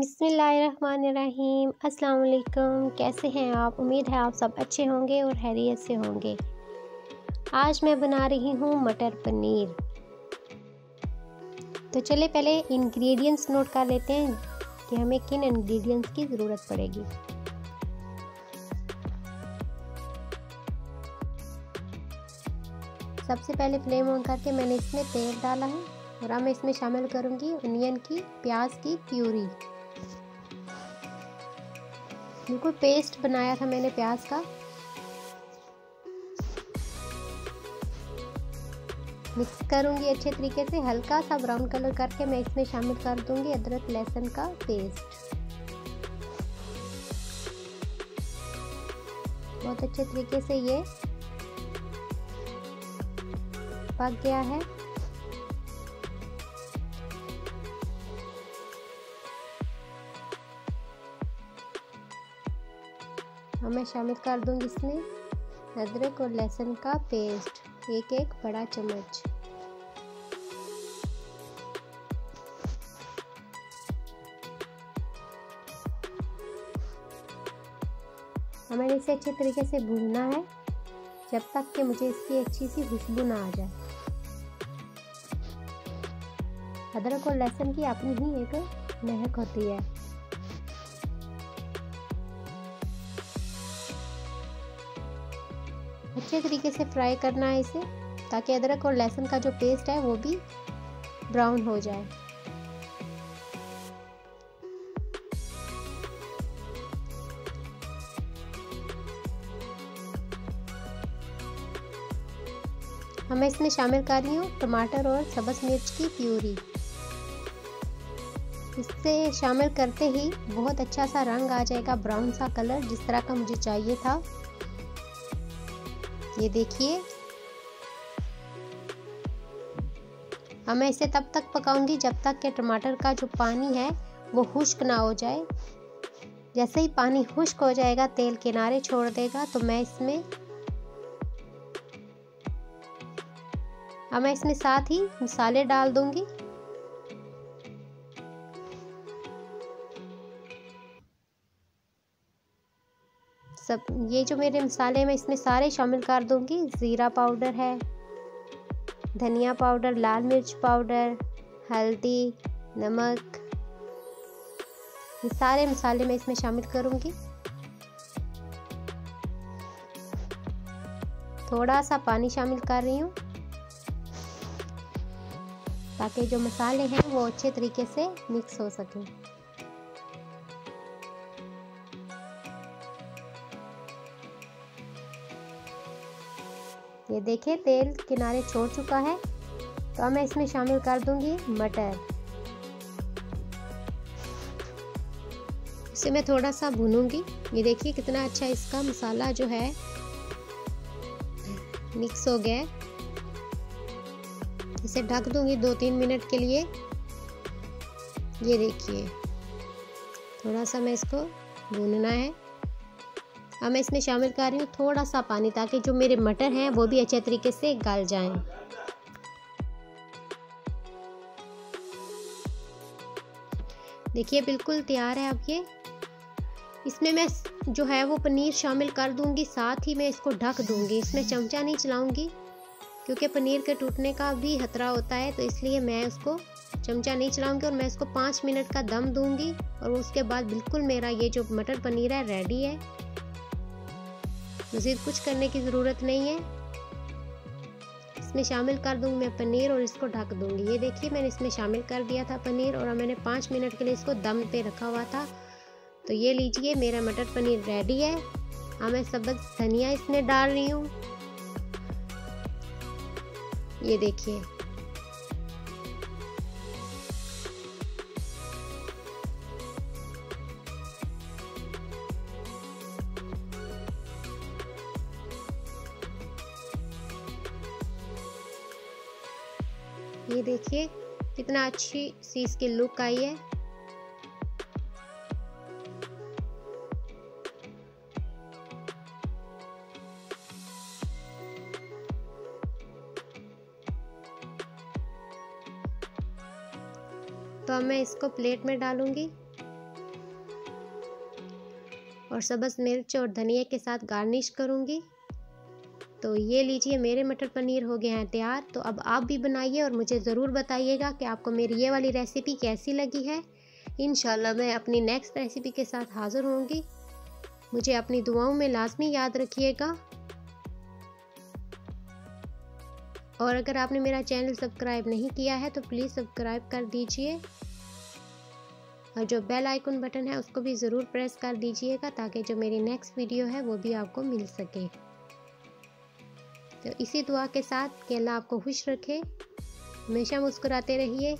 बिसमीम अल्लाम कैसे हैं आप उम्मीद है आप सब अच्छे होंगे और हैरियत से होंगे आज मैं बना रही हूँ मटर पनीर तो चले पहले इंग्रेडिएंट्स नोट कर लेते हैं कि हमें किन इंग्रेडिएंट्स की ज़रूरत पड़ेगी सबसे पहले फ्लेम ऑन करके मैंने इसमें तेल डाला है और अब मैं इसमें शामिल करूँगी ओनियन की प्याज की प्यूरी बिल्कुल पेस्ट बनाया था मैंने प्याज का मिक्स करूंगी अच्छे तरीके से हल्का सा ब्राउन कलर करके मैं इसमें शामिल कर दूंगी अदरक लहसुन का पेस्ट बहुत अच्छे तरीके से ये पक गया है अब मैं शामिल कर दूंगी इसमें अदरक और लहसुन का पेस्ट एक एक बड़ा चम्मच हमें इसे अच्छे तरीके से भूनना है जब तक कि मुझे इसकी अच्छी सी खुशबू ना आ जाए अदरक और लहसुन की अपनी ही एक महक होती है अच्छे तरीके से फ्राई करना है इसे ताकि अदरक और लहसुन का जो पेस्ट है वो भी ब्राउन हो जाए हमें इसमें शामिल कर रही हूँ टमाटर और सब्ज़ मिर्च की प्यूरी इससे शामिल करते ही बहुत अच्छा सा रंग आ जाएगा ब्राउन सा कलर जिस तरह का मुझे चाहिए था ये देखिए अब हाँ, मैं इसे तब तक पकाऊंगी जब तक के टमाटर का जो पानी है वो खुश्क ना हो जाए जैसे ही पानी खुश्क हो जाएगा तेल किनारे छोड़ देगा तो मैं इसमें अब हाँ, मैं इसमें साथ ही मसाले डाल दूंगी सब ये जो मेरे मसाले मैं इसमें सारे शामिल कर दूंगी ज़ीरा पाउडर है धनिया पाउडर लाल मिर्च पाउडर हल्दी नमक ये सारे मसाले मैं इसमें शामिल करूंगी थोड़ा सा पानी शामिल कर रही हूँ ताकि जो मसाले हैं वो अच्छे तरीके से मिक्स हो सकें ये देखिए तेल किनारे छोड़ चुका है तो अब मैं इसमें शामिल कर दूंगी मटर इसे मैं थोड़ा सा भूनूंगी ये देखिए कितना अच्छा इसका मसाला जो है मिक्स हो गया इसे ढक दूंगी दो तीन मिनट के लिए ये देखिए थोड़ा सा मैं इसको भूनना है अब मैं इसमें शामिल कर रही हूँ थोड़ा सा पानी ताकि जो मेरे मटर हैं वो भी अच्छे तरीके से गल जाएं। देखिए बिल्कुल तैयार है अब ये इसमें मैं जो है वो पनीर शामिल कर दूंगी साथ ही मैं इसको ढक दूंगी इसमें चमचा नहीं चलाऊंगी क्योंकि पनीर के टूटने का भी खतरा होता है तो इसलिए मैं उसको चमचा नहीं चलाऊंगी और मैं इसको पाँच मिनट का दम दूंगी और उसके बाद बिल्कुल मेरा ये जो मटर पनीर है रेडी है मज़ीद कुछ करने की ज़रूरत नहीं है इसमें शामिल कर दूंगी मैं पनीर और इसको ढक दूंगी ये देखिए मैंने इसमें शामिल कर दिया था पनीर और मैंने पाँच मिनट के लिए इसको दम पे रखा हुआ था तो ये लीजिए मेरा मटर पनीर रेडी है हाँ मैं सब धनिया इसमें डाल रही हूँ ये देखिए ये देखिए कितना अच्छी सी इसकी लुक आई है तो अब मैं इसको प्लेट में डालूंगी और सबस मिर्च और धनिया के साथ गार्निश करूंगी तो ये लीजिए मेरे मटर पनीर हो गए हैं तैयार तो अब आप भी बनाइए और मुझे ज़रूर बताइएगा कि आपको मेरी ये वाली रेसिपी कैसी लगी है इन मैं अपनी नेक्स्ट रेसिपी के साथ हाज़िर होंगी मुझे अपनी दुआओं में लाजमी याद रखिएगा और अगर आपने मेरा चैनल सब्सक्राइब नहीं किया है तो प्लीज़ सब्सक्राइब कर दीजिए और जो बेल आइकन बटन है उसको भी ज़रूर प्रेस कर दीजिएगा ताकि जो मेरी नेक्स्ट वीडियो है वो भी आपको मिल सके तो इसी दुआ के साथ कि अल्लाह आपको खुश रखे हमेशा मुस्कुराते रहिए